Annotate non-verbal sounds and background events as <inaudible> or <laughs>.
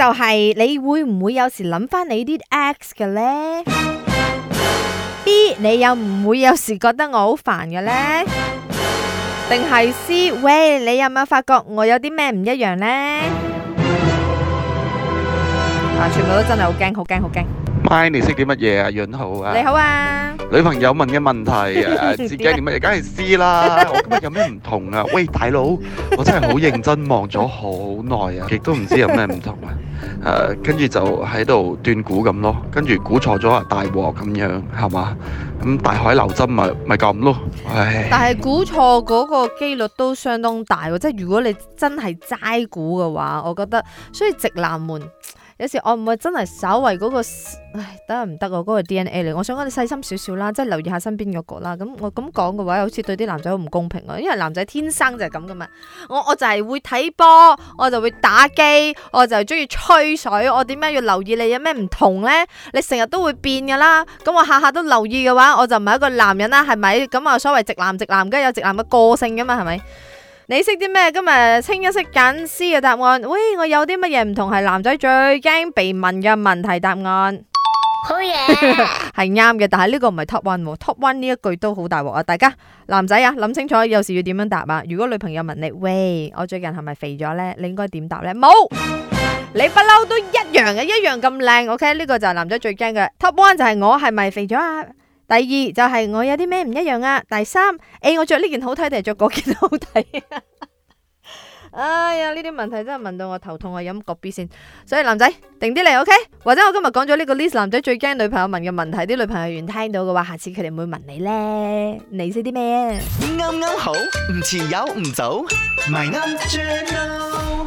就係、是、你會唔會有時諗返你啲 ex 嘅呢？B 你有唔會有時覺得我好煩嘅呢？定係 C 喂，你有冇發覺我有啲咩唔一樣呢？啊，全部都真係好驚好驚好驚！MY，你識啲乜嘢啊？潤浩啊，你好啊。女朋友問嘅問題啊，自己點乜梗係知啦？我今日有咩唔同啊？喂，大佬，我真係好認真望咗好耐啊，亦都唔知有咩唔同啊。誒，跟住就喺度斷估咁咯，跟住估錯咗啊，大鑊咁樣係嘛？咁大海撈針咪咪咁咯。唉。但係估錯嗰個幾率都相當大，即係如果你真係齋估嘅話，我覺得所以直男們。有時我唔會真係稍微嗰、嗰個，唉，得唔得啊？嗰、嗰個 DNA 嚟，我想講你細心少少啦，即係留意下身邊個個啦。咁我咁講嘅話，好似對啲男仔好唔公平啊！因為男仔天生就係咁噶嘛。我我就係會睇波，我就會打機，我就係中意吹水。我點解要留意你有咩唔同呢？你成日都會變噶啦。咁我下下都留意嘅話，我就唔係一個男人啦，係咪？咁啊，所謂直男直男，梗係有直男嘅個性噶嘛，係咪？你識啲咩？今日清一色揀 C 嘅答案，喂，我有啲乜嘢唔同係男仔最驚被問嘅問題答案？好嘢，係啱嘅，但係呢個唔係 top one，top one 呢一句都好大鑊啊！大家男仔啊，諗清楚，有時要點樣答啊？如果女朋友問你，喂，我最近係咪肥咗呢？你應該點答呢？冇， <music> 你不嬲都一樣嘅，啊，一樣咁靚，OK？呢個就係男仔最驚嘅 top one，就係我係咪肥咗啊？第二就係、是、我有啲咩唔一樣啊？第三，誒、欸，我着呢件好睇定係着嗰件好睇？ <laughs> 哎呀，呢啲問題真係問到我頭痛，我飲葛 B 先。所以男仔定啲嚟，OK？或者我今日講咗呢個 list，男仔最驚女朋友問嘅問題，啲女朋友員聽到嘅話，下次佢哋唔會問你咧。你識啲咩啊？啱啱、嗯嗯、好，唔遲又，唔早，咪啱、嗯